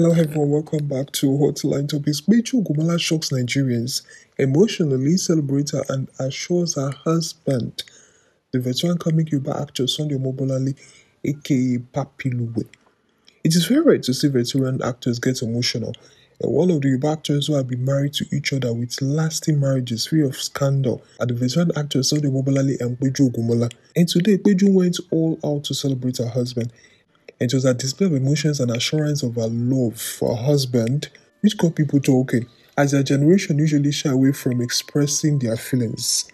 Hello everyone, welcome back to Hotline Topics. Rachel Gumala shocks Nigerians, emotionally celebrates her and assures her husband, the veteran comic Yuba actor Sunday Mobolali, aka Lube. It is very rare to see veteran actors get emotional, and one of the Yuba actors who have been married to each other with lasting marriages free of scandal are the veteran actors Sunday Mobolali and Peju Gumala. And today, Peju went all out to celebrate her husband. It was a display of emotions and assurance of her love for her husband which got people talking, as their generation usually shy away from expressing their feelings.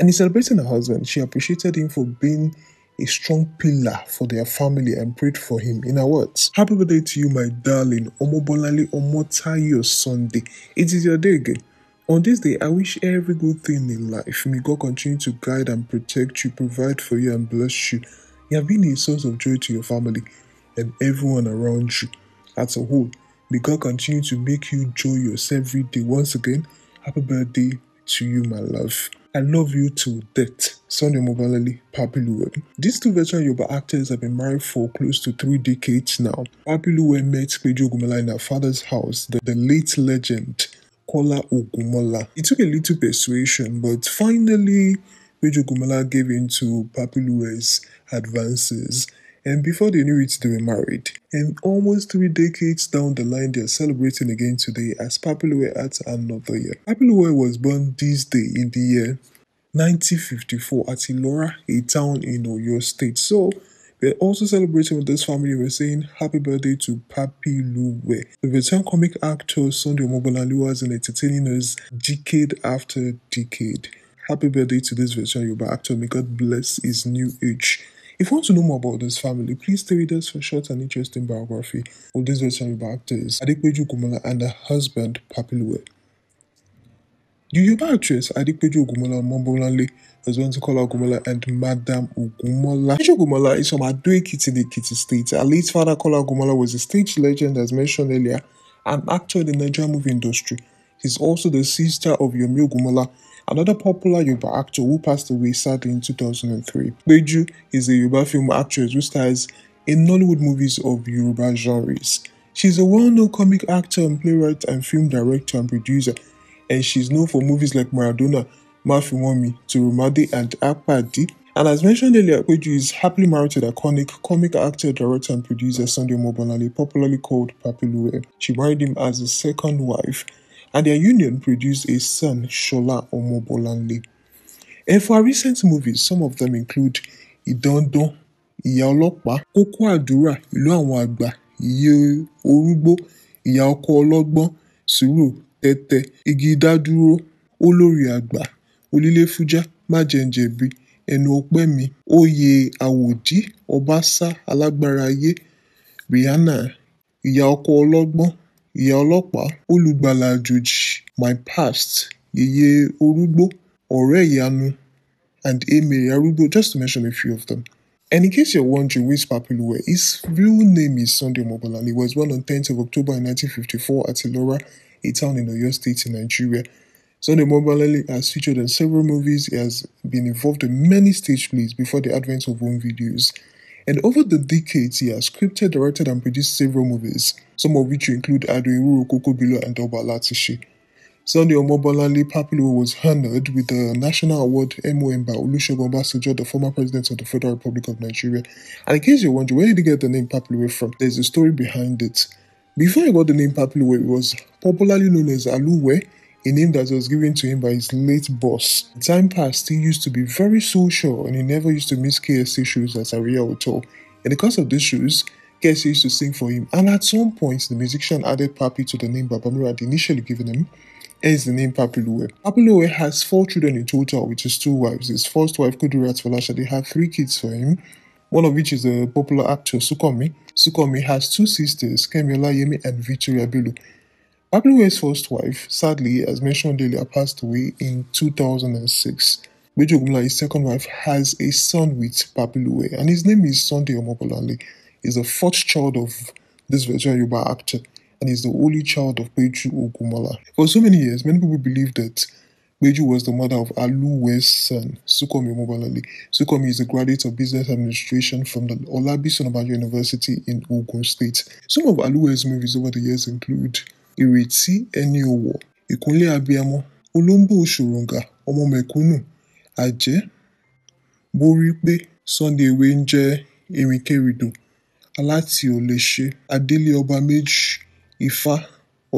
And in celebrating her husband, she appreciated him for being a strong pillar for their family and prayed for him. In her words, Happy birthday to you, my darling, Omobolali Omotayo Sunday. It is your day again. On this day, I wish every good thing in life. May God continue to guide and protect you, provide for you, and bless you. You have been a source of joy to your family and everyone around you as a whole. May God continue to make you enjoy yourself every day. Once again, happy birthday to you, my love. I love you to death. Sonia Mobalali Luwe. These two veteran Yoruba actors have been married for close to three decades now. Luwe met Peju Ogumela in her father's house, the, the late legend Kola Ogumola. It took a little persuasion, but finally, Peju Ogumela gave in to Luwe's advances and before they knew it, they were married. And almost three decades down the line, they are celebrating again today as Papiluwe at another year. Papiluwe was born this day in the year 1954 at Ilora, a town in Oyo State. So we're also celebrating with this family. We're saying happy birthday to Papi Luwe. The veteran comic actor Sunday Omobolanlu has and entertaining us decade after decade. Happy birthday to this veteran Yoruba actor. May God bless his new age. If you want to know more about this family, please stay with us for a short and interesting biography of this legendary actors, Adepeju Gumola and her husband, Papiluwe. The Yoruba actress Adepeju Ogunmola Mombolanle, as well as Kola Ogunmola and Madam Ogunmola. Adepeju Ogunmola is from Ado-Ekiti, the kitty state. Her late father, Kola was a stage legend, as mentioned earlier, an actor in the Nigerian movie industry is also the sister of Yomi Ogunmola, another popular Yoruba actor who passed away sadly in 2003. Beju is a Yoruba film actress who stars in Nollywood movies of Yoruba genres. She's a well-known comic actor and playwright and film director and producer, and she's known for movies like Maradona, Mafiwami, Turumade, and Akpadi. And as mentioned earlier, Beju is happily married to the iconic comic actor, director, and producer Sunday Mobanale, popularly called Papi Lue. She married him as a second wife and their union produced a son, Shola Omobolanle. And for our recent movies, some of them include Idandon, Ìyá Ọlọ́pàá, Kókó Àdúrà, Ìlú Àwọn Àgbà, Iye Orúgbó, Ìyá Ọkọ Ọlọ́gbọ́n, Sùúrù, Tẹ́tẹ́, Igi Dádúró, Olórí Àgbà, Onílé Fújá, Májẹ̀njẹ̀bi, Ẹnu Ọpẹ́ Mi, Oyè Àwòdì, Ọbaṣá, Rihanna, Ìyá Ọkọ Ọlọ́gbọ́n, ìyá ọlọ́pàá olùgbàlà àjòjì my past yèyé orúgbó ọ̀rẹ́ ìyanu and emere arúgbó just to mention a few of them. And in case you're wondering who is Papiluwe, his real name is Sunday and He was born on 10th of October in 1954 at Elora, a town in Oyo State in Nigeria. Sunday Mobalele has featured in several movies. He has been involved in many stage plays before the advent of home videos and over the decades, he has scripted, directed, and produced several movies, some of which include Adoiru, Kokobilo, and Obalatishi. Sunday Omobolale Papilo was honored with the National Award MOM by Olusegun Obasanjo, the former president of the Federal Republic of Nigeria. And in case you're wondering, where did he get the name Papilo from? There's a story behind it. Before he got the name Papilo, it was popularly known as Aluwe, a name that was given to him by his late boss. Time passed, he used to be very social and he never used to miss KSC shows as Aria would tell. In the course of these shows, KSC used to sing for him, and at some point, the musician added Papi to the name Babamura had initially given him, as the name Papi Lowe. Papi Lowe has four children in total with his two wives. His first wife, Kudurat Falasha, they had three kids for him, one of which is a popular actor Sukomi. Sukomi has two sisters, Kemiola Yemi and Victoria Bilu. Abluwe's first wife, sadly, as mentioned earlier, passed away in 2006. Bejogumla, his second wife, has a son with Babiluwe, and his name is Sunday Omobolanle. He's the fourth child of this veteran Yoruba actor, and he's the only child of Beju Ogumola. For so many years, many people believed that Beju was the mother of Aluwe's son, Sukomi Omobolanle. Sukomi is a graduate of business administration from the Olabi Sonobanjo University in Ogun State. Some of Aluwe's movies over the years include ìrètí ẹni òwò ìkúnlẹ̀ abiyamọ olóńbò òṣòròǹgà ọmọ mẹ̀kúnnù àjẹ́ borí pé sunday ewé ń jẹ́ eríkérìdò aláti oléṣe adélé ọba méjì ifá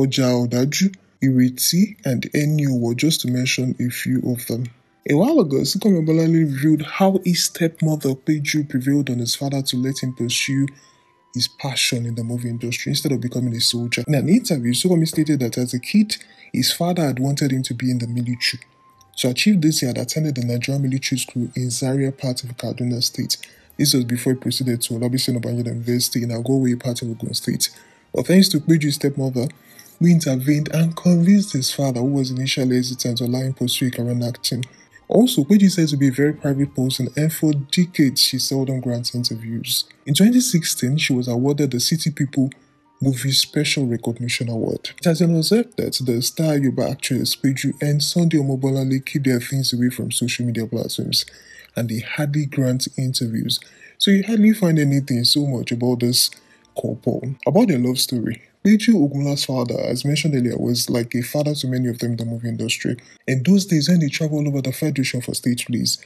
ọjà ọ̀dájú ìrètí and ẹni òwò just to mention a few of them. A while ago, Sikom Obalale revealed how his stepmother Peju prevailed on his father to let him pursue his passion in the movie industry instead of becoming a soldier. In an interview, Sugomi stated that as a kid, his father had wanted him to be in the military. To achieve this, he had attended the Nigerian military school in Zaria part of Kaduna State. This was before he proceeded to Olabisi Obanjo University in Agowe part of Ogun State. But thanks to Peju's stepmother, we intervened and convinced his father, who was initially hesitant to allow him pursue a career in acting. Also, Page says to be a very private person and for decades she seldom grants interviews. In 2016, she was awarded the City People Movie Special Recognition Award. It has been observed that the star Yuba actress Peju and Sunday Omobolale keep their things away from social media platforms and they hardly grant interviews. So you hardly find anything so much about this couple. About their love story, Ichi Ogula's father, as mentioned earlier, was like a father to many of them in the movie industry. In those days, when they travel over the Federation for stage plays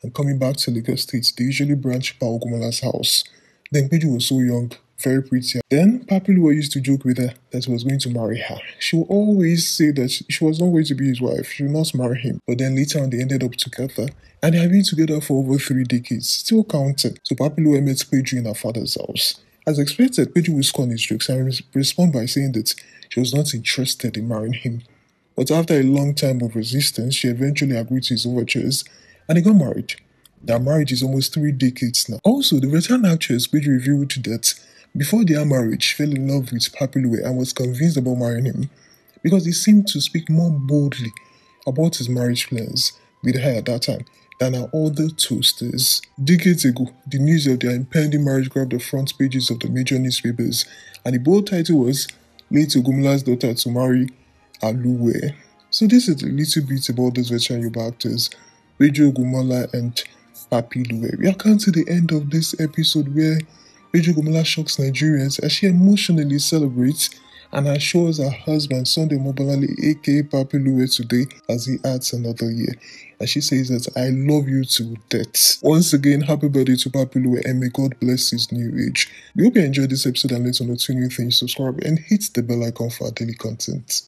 and coming back to Lagos State, they usually branch by Ogumala's house. Then Peju was so young, very pretty. Then Papilua used to joke with her that he was going to marry her. She would always say that she was not going to be his wife, she would not marry him. But then later on, they ended up together and they have been together for over three decades, still counting. So Papilua met Peju in her father's house. As expected, Pedro will scorn his jokes and respond by saying that she was not interested in marrying him. But after a long time of resistance, she eventually agreed to his overtures and they got married. Their marriage is almost three decades now. Also, the veteran actress Pedro revealed that before their marriage, she fell in love with Papiluwe and was convinced about marrying him because he seemed to speak more boldly about his marriage plans with her at that time and our other toasters. Decades ago, the news of their impending marriage grabbed the front pages of the major newspapers, and the bold title was Late Ogumla's daughter to marry Aluwe. So this is a little bit about those veteran Yoruba actors, Rejo Ogumola and Papi Luwe. We are coming to the end of this episode where Rejo Ogumola shocks Nigerians as she emotionally celebrates and assures her husband Sunday Mobalali aka Papi Luwe today as he adds another year. And she says that I love you to death. Once again, happy birthday to Papilue and may God bless his new age. We hope you enjoyed this episode and let us know two new things. Subscribe and hit the bell icon for our daily content.